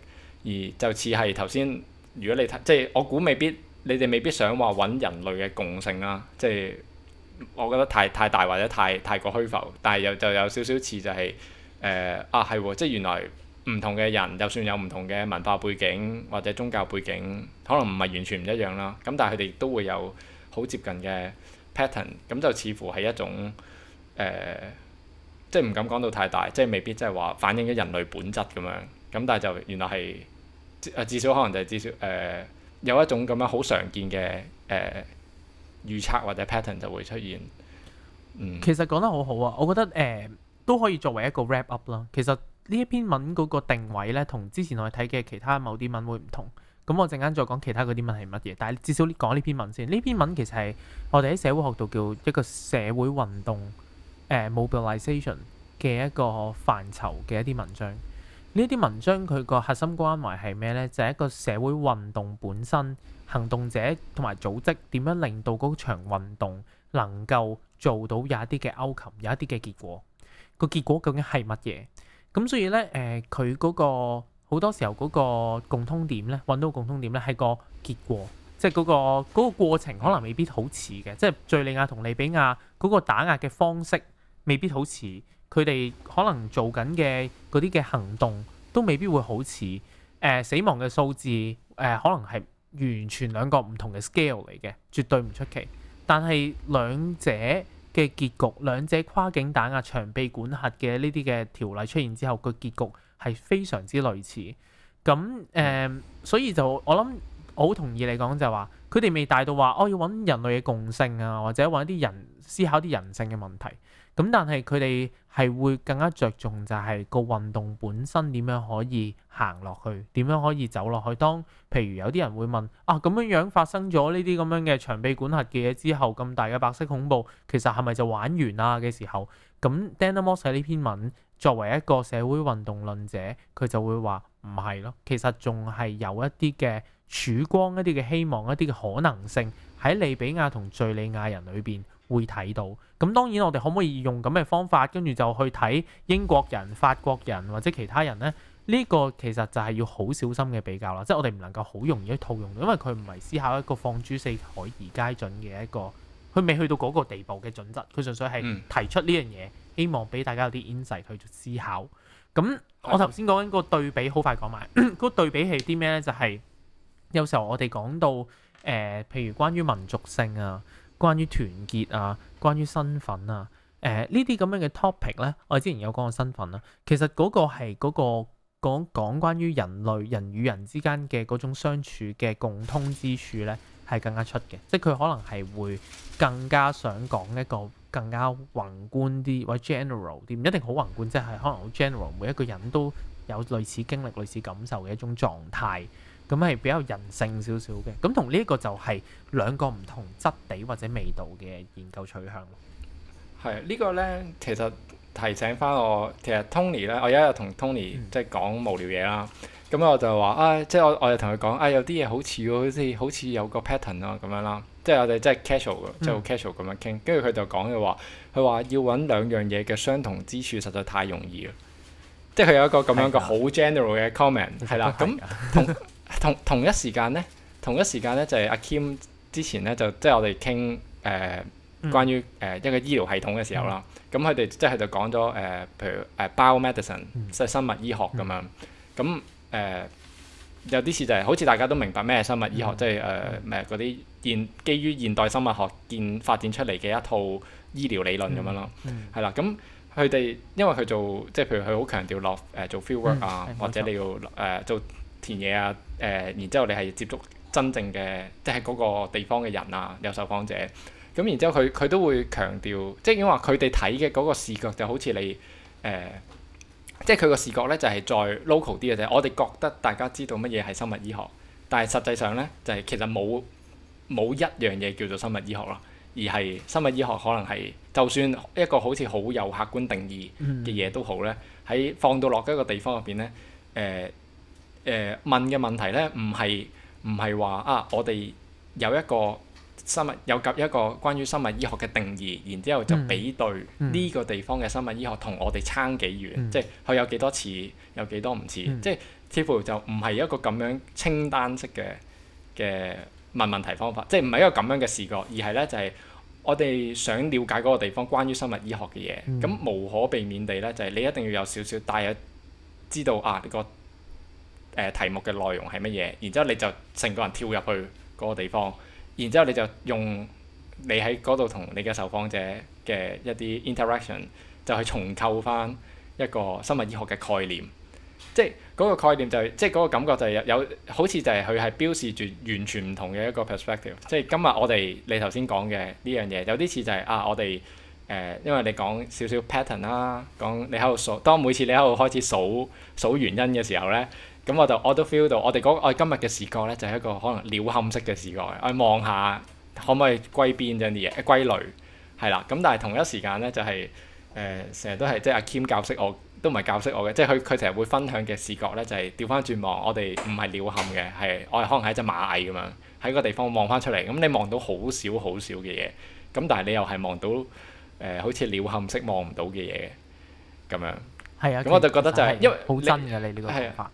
而就似係頭先，如果你睇即係我估未必你哋未必想話揾人類嘅共性啦，即係我覺得太太大或者太太過虛浮，但係又就有少少似就係、是、誒、呃、啊係喎，即係原來唔同嘅人，就算有唔同嘅文化背景或者宗教背景，可能唔係完全唔一樣啦，咁但係佢哋都會有好接近嘅。pattern 咁就似乎係一種誒、呃，即係唔敢講到太大，即係未必即係話反映咗人類本質咁樣。咁但係就原來係至少可能就係至少誒、呃，有一種咁樣好常見嘅誒預測或者 pattern 就會出現。嗯，其實講得好好啊，我覺得誒、呃，都可以作為一個 wrap up 啦。其實呢一篇文嗰個定位咧，同之前我哋睇嘅其他某啲文會唔同。咁我陣間再講其他嗰啲問題係乜嘢，但係至少講呢篇文先。呢篇文其實係我哋喺社會學度叫一個社會運動，誒、呃、mobilization 嘅一個範疇嘅一啲文章。呢啲文章佢個核心關懷係咩呢？就係、是、一個社會運動本身，行動者同埋組織點樣令到嗰場運動能夠做到有一啲嘅 outcome，有一啲嘅結果。個結果究竟係乜嘢？咁所以呢，誒，佢嗰個。好多時候嗰個共通點咧，揾到共通點咧，係個結果，即係嗰、嗰個嗰、嗰個過程可能未必好似嘅，即係敘利亞同利比亞嗰個打壓嘅方式未必好似，佢哋可能做緊嘅嗰啲嘅行動都未必會好似，誒、呃、死亡嘅數字誒、呃、可能係完全兩個唔同嘅 scale 嚟嘅，絕對唔出奇。但係兩者嘅結局，兩者跨境打壓長臂管轄嘅呢啲嘅條例出現之後，個結局。係非常之類似，咁誒、呃，所以就我諗，我好同意你講就話、是，佢哋未大到話，我、哦、要揾人類嘅共性啊，或者揾一啲人思考啲人性嘅問題。咁但係佢哋係會更加着重就係個運動本身點樣可以行落去，點樣可以走落去，去。當譬如有啲人會問啊，咁樣樣發生咗呢啲咁樣嘅長臂管轄嘅嘢之後，咁大嘅白色恐怖，其實係咪就玩完啦嘅、啊、時候？咁 Dana Moss 喺、er、呢篇文。作為一個社會運動論者，佢就會話唔係咯。其實仲係有一啲嘅曙光、一啲嘅希望、一啲嘅可能性喺利比亞同敍利亞人裏邊會睇到。咁當然，我哋可唔可以用咁嘅方法，跟住就去睇英國人、法國人或者其他人呢？呢個其實就係要好小心嘅比較啦。即係我哋唔能夠好容易去套用，因為佢唔係思考一個放諸四海而皆準嘅一個，佢未去到嗰個地步嘅準則。佢純粹係提出呢樣嘢。希望俾大家有啲 insight 去思考。咁的我頭先講緊個對比，好快講埋。個對比係啲咩呢？就係、係、有時候我哋講到誒，譬、呃、如關於民族性啊、關於團結啊、關於身份啊，誒呢啲咁樣嘅 topic 呢。我之前有講過身份啦。其實嗰個係嗰、嗰個講講關於人類人與人之間嘅嗰種相處嘅共通之處呢，係更加出嘅。即係佢可能係會更加想講一個，更加宏觀啲，或者 general 啲，唔一定好宏觀，即係可能好 general，每一個人都有類似經歷、類似感受嘅一種狀態，咁係比較人性少少嘅。咁同呢一個就係兩個唔同質地或者味道嘅研究取向。係、這個、呢個咧其實提醒翻我，其實 Tony 咧，我有一日同 Tony、嗯、即係講無聊嘢啦，咁我就話啊、哎，即係我我又同佢講啊，有啲嘢好似好似好似有個 pattern 啊咁樣啦。即係我哋即係 casual，即係好，嗯、casual 咁樣傾，跟住佢就講嘅話，佢話要揾兩樣嘢嘅相同之處實在太容易啦。即係佢有一個咁樣嘅好 general 嘅 comment 係啦。咁同同同一時間咧，同一時間咧就係，是，阿，啊、Kim 之前咧就即係我哋傾，誒，關於誒，呃、一個醫療系統嘅時候啦。咁佢哋即係佢就講咗誒，譬如，誒，啊、bio medicine 即係，嗯、生物醫學咁樣。咁，嗯、誒。嗯嗯嗯有啲事就係、是、好似大家都明白咩生物醫學，即係誒咩嗰啲現基於現代生物學建發展出嚟嘅一套醫療理論咁樣咯，係啦、嗯。咁佢哋因為佢做即係譬如佢好強調落誒做 fieldwork 啊，嗯嗯、或者你要誒、呃、做田野啊，誒、呃、然之後你係接觸真正嘅，即係嗰個地方嘅人啊，有受訪者。咁然之後佢佢都會強調，即係點話佢哋睇嘅嗰個視覺就好似你誒。呃即係佢個視角咧，就係、是、再 local 啲嘅啫。我哋覺得大家知道乜嘢係生物醫學，但係實際上咧，就係、是、其實冇冇一樣嘢叫做生物醫學咯。而係生物醫學可能係，就算一個好似好有客觀定義嘅嘢都好咧，喺、嗯、放到落一個地方入邊咧，誒、呃、誒、呃、問嘅問題咧，唔係唔係話啊，我哋有一個。生物有及一個關於生物醫學嘅定義，然之後就比對呢個地方嘅生物醫學同我哋差幾遠，嗯嗯、即係佢有幾多似，有幾多唔似，嗯、即係似乎就唔係一個咁樣清單式嘅嘅問問題方法，即係唔係一個咁樣嘅視覺，而係呢就係、是、我哋想了解嗰個地方關於生物醫學嘅嘢，咁、嗯、無可避免地呢，就係、是、你一定要有少少，帶有知道啊呢、這個誒、呃、題目嘅內容係乜嘢，然之後你就成個人跳入去嗰個地方。然之後你就用你喺嗰度同你嘅受訪者嘅一啲 interaction，就去重構翻一個生物醫學嘅概念，即係嗰、那個概念就係、是，即係嗰個感覺就係有，好似就係佢係標示住完全唔同嘅一個 perspective。即係今日我哋你頭先講嘅呢樣嘢，有啲似就係、是、啊，我哋誒、呃，因為你講少少 pattern 啦、啊，講你喺度數，當每次你喺度開始數數原因嘅時候咧。咁我就我都 feel 到我、嗰個，我哋嗰我今日嘅視角咧就係、是、一個可能鳥瞰式嘅視角，我望下可唔可以歸邊將啲嘢，歸類係啦。咁但係同一時間咧就係誒成日都係即係阿 Kim 教識我，都唔係教識我嘅，即係佢佢成日會分享嘅視角咧就係調翻轉望我哋唔係鳥瞰嘅，係我哋可能係隻螞蟻咁樣喺個地方望翻出嚟。咁、嗯、你望到好少好少嘅嘢，咁但係你又係望到誒、呃、好似鳥瞰式望唔到嘅嘢咁樣。係啊的，咁我就覺得就係、是、因為好真嘅你呢個想法。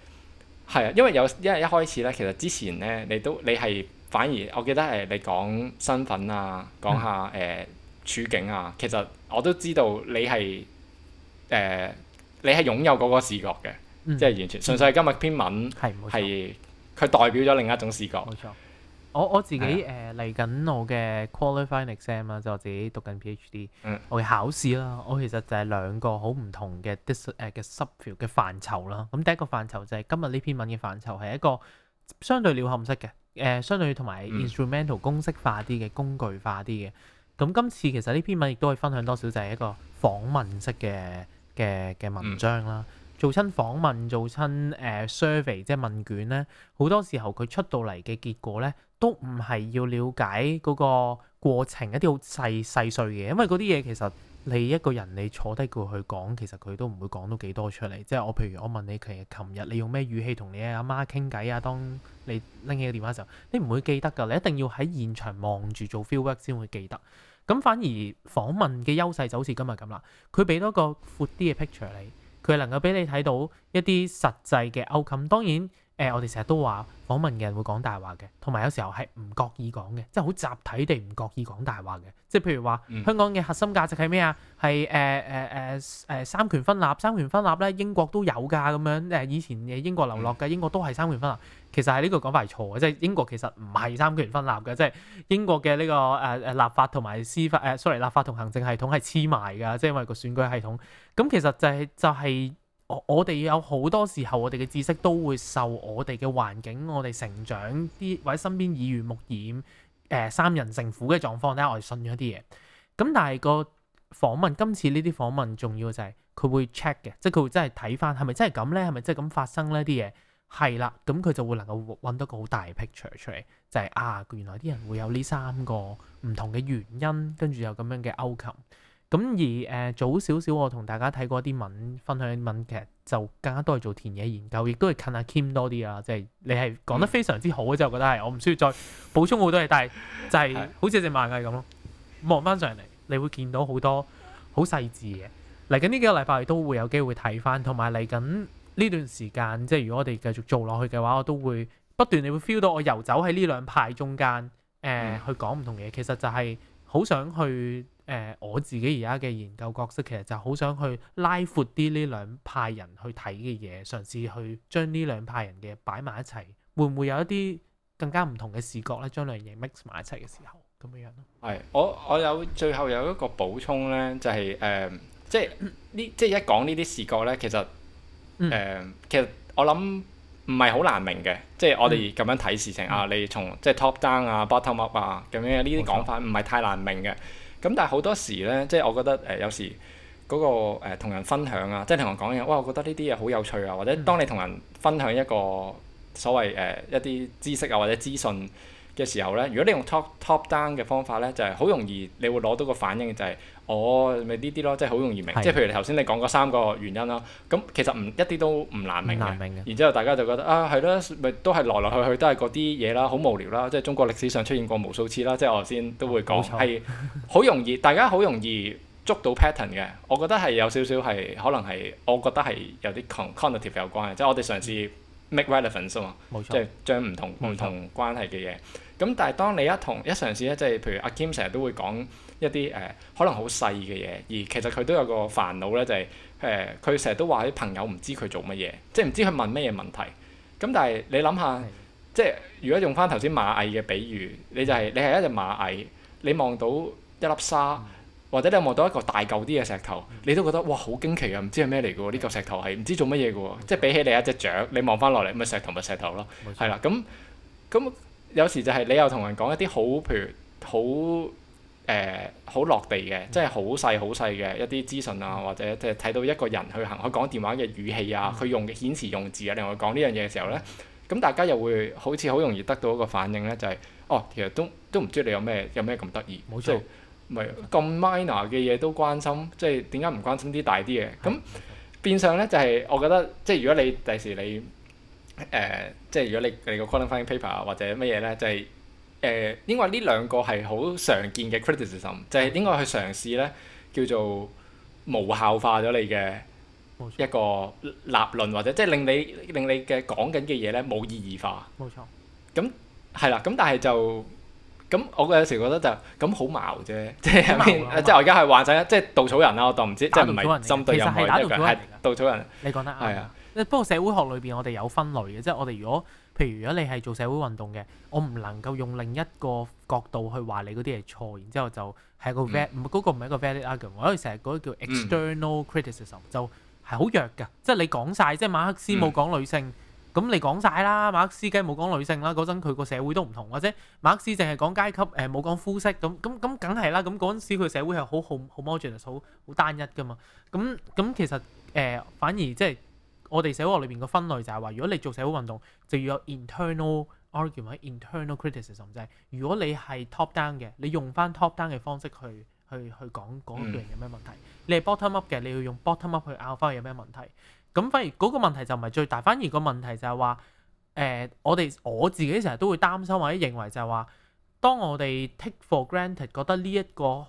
係啊，因為有因為一開始咧，其實之前咧，你都你係反而我記得係你講身份啊，講下誒處境啊，其實我都知道你係誒、呃、你係擁有嗰個視覺嘅，嗯、即係完全純粹係今日篇文係佢、嗯、代表咗另一種視覺，冇錯。我我自己誒嚟緊我嘅 qualifying exam 啦，就我自己讀緊 PhD，Yeah. 我嘅考試啦。我其實就係兩個好唔同嘅 disc 嘅、呃、subfield 嘅範疇啦。咁、嗯嗯、第一個範疇就係今日呢篇文嘅範疇係一個相對了後式嘅誒、呃，相對同埋 instrumental 公式化啲嘅工具化啲嘅。咁今次其實呢篇文亦都可以分享多少就係一個訪問式嘅嘅嘅文章啦、嗯。做親訪問做親誒 survey 即係問卷咧，好多時候佢出到嚟嘅結果咧。都唔係要了解嗰個過程一啲好細細碎嘅，因為嗰啲嘢其實你一個人你坐低佢去講，其實佢都唔會講到幾多出嚟。即係我譬如我問你，其實琴日你用咩語氣同你阿媽傾偈啊？當你拎起個電話時候，你唔會記得㗎。你一定要喺現場望住做 fieldwork 先會記得。咁反而訪問嘅優勢就好似今日咁啦，佢俾多個闊啲嘅 picture 你，佢能夠俾你睇到一啲實際嘅 outcome。當然。誒、呃，我哋成日都話訪問嘅人會講大話嘅，同埋有,有時候係唔覺意講嘅，即係好集體地唔覺意講大話嘅。即係譬如話，香港嘅核心價值係咩啊？係誒誒誒誒三權分立。三權分立咧，英國都有㗎咁樣。誒，以前嘅英國流落嘅，英國都係三權分立。其實係呢個講法係錯嘅，即係英國其實唔係三權分立嘅。即係英國嘅呢、這個誒誒、呃、立法同埋司法誒、呃、，sorry，立法同行政系統係黐埋㗎，即係因為個選舉系統。咁其實就係、是、就係。我哋有好多時候，我哋嘅知識都會受我哋嘅環境、我哋成長啲或者身邊耳濡目染、誒、呃、三人成虎嘅狀況咧，我哋信咗啲嘢。咁但係個訪問今次呢啲訪問重要嘅就係佢會 check 嘅，即係佢會真係睇返係咪真係咁呢？係咪真係咁發生呢啲嘢？係啦，咁佢就會能夠搵到個好大 picture 出嚟，就係、是、啊原來啲人會有呢三個唔同嘅原因，跟住有咁樣嘅 outcome。咁而誒、呃、早少少，我同大家睇過啲文，分享啲文劇，其實就更加多係做田野研究，亦都係近阿 Kim 多啲啊！即係你係講得非常之好嘅，就、嗯、覺得係我唔需要再補充好多嘢，但係就係好似隻螞蟻咁咯。望翻上嚟，你會見到好多好細緻嘅。嚟緊呢幾個禮拜都會有機會睇翻，同埋嚟緊呢段時間，即係如果我哋繼續做落去嘅話，我都會不斷你會 feel 到我游走喺呢兩派中間誒、呃嗯、去講唔同嘢。其實就係好想去。誒、呃、我自己而家嘅研究角色，其實就好想去拉闊啲呢兩派人去睇嘅嘢，嘗試去將呢兩派人嘅擺埋一齊，會唔會有一啲更加唔同嘅視覺咧？將兩嘢 mix 埋一齊嘅時候，咁樣咯。係我我有最後有一個補充咧，就係、是、誒、呃，即係呢即係一講呢啲視覺咧，其實誒、呃，其實我諗唔係好難明嘅，嗯、即係我哋咁樣睇事情、嗯、啊。你從即係 top down 啊，bottom up 啊咁樣呢啲講法唔係太難明嘅。咁但係好多時咧，即係我覺得誒有時嗰個誒同人分享啊，即係同人講嘢，哇！我覺得呢啲嘢好有趣啊，或者當你同人分享一個所謂誒一啲知識啊，或者資訊。嘅時候咧，如果你用 top top down 嘅方法咧，就係、是、好容易，你會攞到個反應就係、是，我咪呢啲咯，即係好容易明。即係是的 譬如你頭先你講嗰三個原因啦，咁其實唔一啲都唔難明，難明然之後大家就覺得啊，係啦，咪都係來來去去都係嗰啲嘢啦，好無聊啦，即係中國歷史上出現過無數次啦。即係我先都會講，係好、啊、容易，大家好容易捉到 pattern 嘅。我覺得係有少少係，可能係我覺得係有啲 con cognitive 有關嘅，即係我哋嘗試 make relevance 啊嘛沒錯，即係將唔同唔同關係嘅嘢。咁但係當你一同一嘗試咧，即係譬如阿 Kim 成日都會講一啲誒、呃、可能好細嘅嘢，而其實佢都有個煩惱咧，就係誒佢成日都話啲朋友唔知佢做乜嘢，即係唔知佢問乜嘢問題。咁但係你諗下，的即係如果用翻頭先螞蟻嘅比喻，你就係、是、你係一隻螞蟻，你望到一粒沙，或者你望到一個大嚿啲嘅石頭，嗯、你都覺得哇好驚奇啊！唔知係咩嚟嘅喎？呢、呢個石頭係唔知做乜嘢嘅喎？即係比起你一隻雀，你望翻落嚟咪石頭咪石頭咯，係啦錯，咁咁。嗯嗯嗯嗯嗯嗯嗯有時就係你又同人講一啲好譬如好誒好落地嘅，即係好細好細嘅一啲資訊啊，或者即係睇到一個人去行，佢講電話嘅語氣啊，佢、嗯、用嘅遣詞用字啊，另外講呢樣嘢嘅時候咧，咁大家又會好似好容易得到一個反應咧，就係、是、哦，其實都都唔知你有咩有咩咁得意，冇錯，咪咁、就是、minor 嘅嘢都關心，即係點解唔關心啲大啲嘅？咁、嗯、變相咧就係、是、我覺得，即係如果你第時你。誒、呃，即係如果你你個 qualifying paper 或者乜嘢咧，就係、是、誒，應該呢兩個係好常見嘅 criticism，、嗯、就係應該去嘗試咧，叫做無效化咗你嘅一個立論，或者即係令你令你嘅講緊嘅嘢咧冇意義化。冇錯。咁係啦，咁、啊、但係就咁、嗯，我有時覺得就咁好矛啫，即係 即係我而家係話曬，即係稻草人啦、啊，我當唔知，知，即係唔係針對任何一個人，倒倒人稻草人。你講得啱。對 不過社會學裏邊，我哋有分類嘅，即係我哋如果譬如如果你係做社會運動嘅，我唔能夠用另一個角度去話你嗰啲係錯，然之後就係個 value 唔係嗰個唔係一個 valid argument 我哋成日嗰啲叫 external criticism 就係好弱㗎，即係你講晒，即係馬克思冇講女性，咁、嗯、你講晒啦，馬克思梗係冇講女性啦，嗰陣佢個社會都唔同，或者馬克思淨係講階級，誒冇講膚色，咁咁咁梗係啦，咁嗰陣時佢社會係好好好好好單一㗎嘛，咁咁其實誒、呃、反而即係。我哋社會學裏邊嘅分類就係話，如果你做社會運動，就要有 internal argument、internal criticism。即係如果你係 top down 嘅，你用翻 top down 嘅方式去去去講嗰個有咩問題；嗯、你係 bottom up 嘅，你要用 bottom up 去拗翻有咩問題。咁反而嗰個問題就唔係最大，反而個問題就係話，誒、呃，我哋我自己成日都會擔心或者認為就係話，當我哋 take for granted 覺得呢一個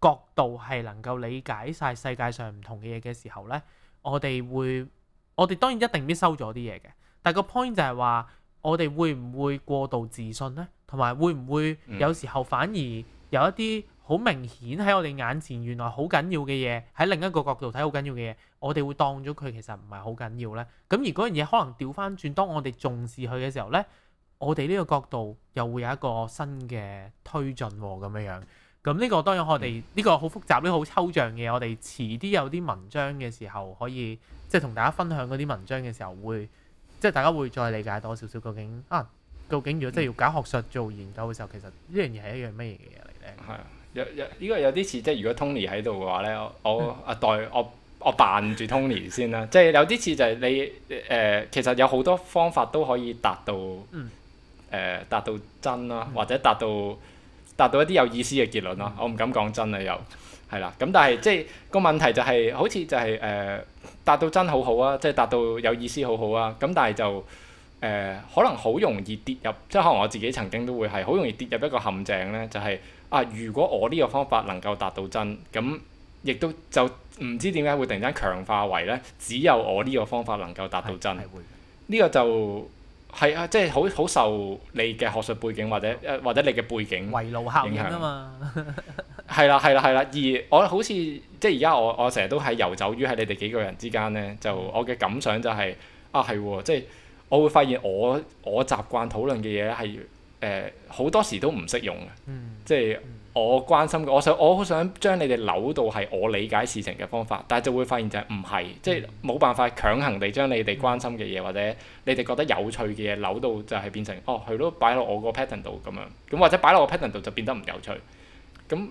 角度係能夠理解晒世界上唔同嘅嘢嘅時候咧，我哋會。我哋當然一定必收咗啲嘢嘅，但係個 point 就係話，我哋會唔會過度自信呢？同埋會唔會有時候反而有一啲好明顯喺我哋眼前原來好緊要嘅嘢，喺另一個角度睇好緊要嘅嘢，我哋會當咗佢其實唔係好緊要呢？咁而嗰樣嘢可能掉返轉，當我哋重視佢嘅時候呢，我哋呢個角度又會有一個新嘅推進咁樣樣。咁、這、呢個當然我哋呢、這個好複雜呢，好、這個、抽象嘅，我哋遲啲有啲文章嘅時候可以。即係同大家分享嗰啲文章嘅時候，會即係大家會再理解多少少究竟啊？究竟如果真係要搞學術做研究嘅時候，其實呢樣嘢係一樣咩嘢嘅嘢嚟咧？係、嗯嗯嗯、有有呢個有啲似即係如果 Tony 喺度嘅話咧，我、嗯、啊代我我扮住 Tony 先啦。即係、嗯、有啲似就係你誒、呃，其實有好多方法都可以達到誒、嗯呃、達到真啦，或者達到、嗯、達到一啲有意思嘅結論啦。我唔敢講真啊又。係啦，咁、嗯、但係即係個問題就係、是，好似就係、是、誒、呃、達到真好好啊，即係達到有意思好好啊，咁但係就誒、呃、可能好容易跌入，即係可能我自己曾經都會係好容易跌入一個陷阱咧，就係、是、啊，如果我呢個方法能夠達到真，咁、嗯、亦都就唔知點解會突然間強化為咧只有我呢個方法能夠達到真，呢個就。係啊，即係好好受你嘅學術背景或者誒，或者你嘅背景影響啊嘛。係 啦、啊，係啦、啊，係啦、啊啊。而我好似即係而家我我成日都係遊走於喺你哋幾個人之間咧，就我嘅感想就係、是、啊係喎，即係、啊就是、我會發現我我習慣討論嘅嘢係誒好多時都唔適用嘅，嗯、即係是。嗯我關心嘅，我想我好想將你哋扭到係我理解事情嘅方法，但係就會發現就係唔係，即係冇辦法強行地將你哋關心嘅嘢或者你哋覺得有趣嘅嘢扭到就係變成哦佢都擺落我個 pattern 度咁樣，咁或者擺落我 pattern 度就變得唔有趣，咁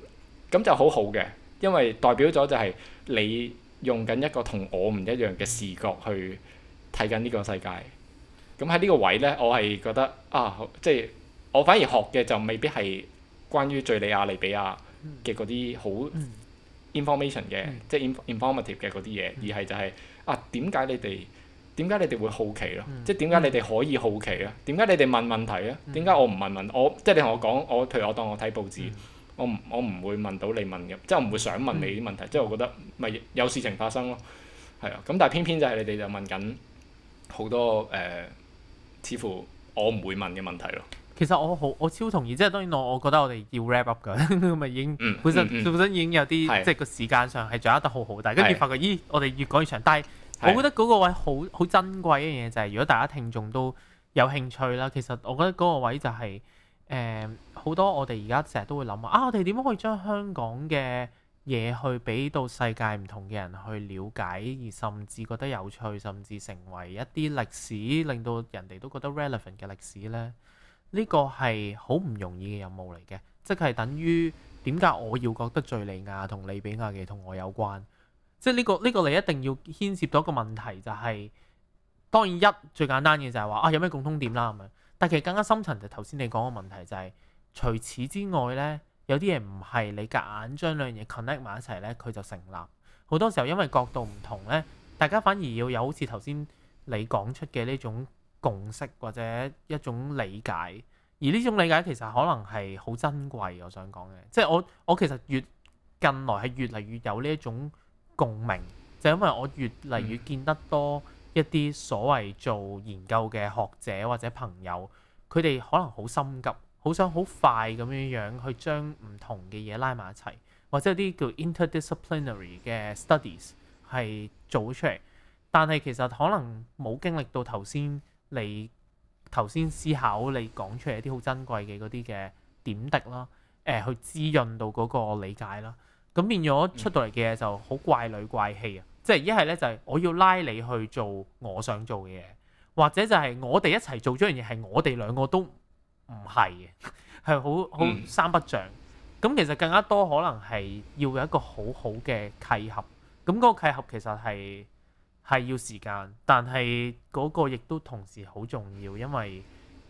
咁就好好嘅，因為代表咗就係你用緊一個同我唔一樣嘅視角去睇緊呢個世界，咁喺呢個位呢，我係覺得啊，即係我反而學嘅就未必係。關於敘利亞、利比亞嘅嗰啲好 information 嘅，即係 informative 嘅嗰啲嘢，嗯、而係就係、是、啊點解你哋點解你哋會好奇咯？即係點解你哋可以好奇啊？點解你哋問問題啊？點解、嗯、我唔問問我？即、就、係、是、你同我講，我譬如我當我睇報紙，嗯、我唔我唔會問到你問嘅，即、就、係、是、我唔會想問你啲問題。即係、嗯、我覺得咪、就是、有事情發生咯，係啊。咁但係偏偏就係你哋就問緊好多誒、呃，似乎我唔會問嘅問題咯。其實我好，我超同意，即係當然我我覺得我哋要 wrap up 㗎咪已經本身、嗯嗯嗯、本身已經有啲是即係個時間上係掌握得好好，是但係跟住發覺咦，我哋越講越長。但係我覺得嗰個位好好珍貴一樣嘢就係、是，如果大家聽眾都有興趣啦，其實我覺得嗰個位就係誒好多我哋而家成日都會諗啊，我哋點樣可以將香港嘅嘢去俾到世界唔同嘅人去了解，而甚至覺得有趣，甚至成為一啲歷史，令到人哋都覺得 relevant 嘅歷史咧。呢個係好唔容易嘅任務嚟嘅，即係等於點解我要覺得敘利亞同利比亞嘅同我有關？即係、呢、呢個呢、呢個你一定要牽涉到一個問題、就係，就係當然一最簡單嘅就係話啊有咩共通點啦咁樣，但係其實更加深層就頭先你講嘅問題就係、係、除此之外呢，有啲嘢唔係你夾硬將兩樣嘢 connect 埋一齊呢，佢就成立。好多時候因為角度唔同呢，大家反而要有好似頭先你講出嘅呢種。共識或者一種理解，而呢種理解其實可能係好珍貴。我想講嘅，即係我我其實越近來係越嚟越有呢一種共鳴，就係因為我越嚟越見得多一啲所謂做研究嘅學者或者朋友，佢哋可能好心急，好想好快咁樣樣去將唔同嘅嘢拉埋一齊，或者啲叫 interdisciplinary 嘅 studies 係做出嚟。但係其實可能冇經歷到頭先。你頭先思考，你講出嚟啲好珍貴嘅嗰啲嘅點滴啦，誒、呃、去滋潤到嗰個理解啦。咁變咗出到嚟嘅嘢就好怪女怪氣啊！即係一係咧就係我要拉你去做我想做嘅嘢，或者就係我哋一齊做咗樣嘢係我哋兩個都唔係嘅，係好好三不像。咁其實更加多可能係要有一個好好嘅契合。咁嗰個契合其實係。係要時間，但係嗰個亦都同時好重要，因為誒、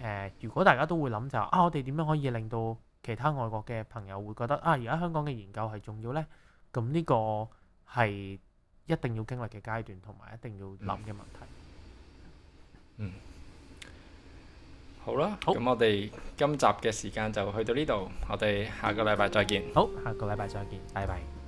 呃，如果大家都會諗就是、啊，我哋點樣可以令到其他外國嘅朋友會覺得啊，而家香港嘅研究係重要呢？咁呢個係一定要經歷嘅階段，同埋一定要諗嘅問題嗯。嗯，好啦，咁好我哋今集嘅時間就去到呢度，我哋下個禮拜再見。好，下個禮拜再見，拜拜。